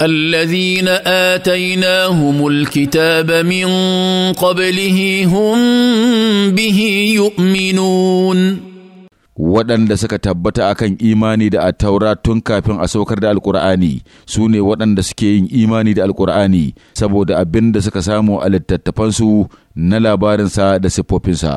الذين اتيناهم الكتاب من قبله هم به يؤمنون waɗanda suka tabbata akan imani da attaura tun kafin a saukar da alkur'ani su ne waɗanda suke yin imani da alkur'ani saboda abin da suka samu a littattafansu na labarinsa da siffofinsa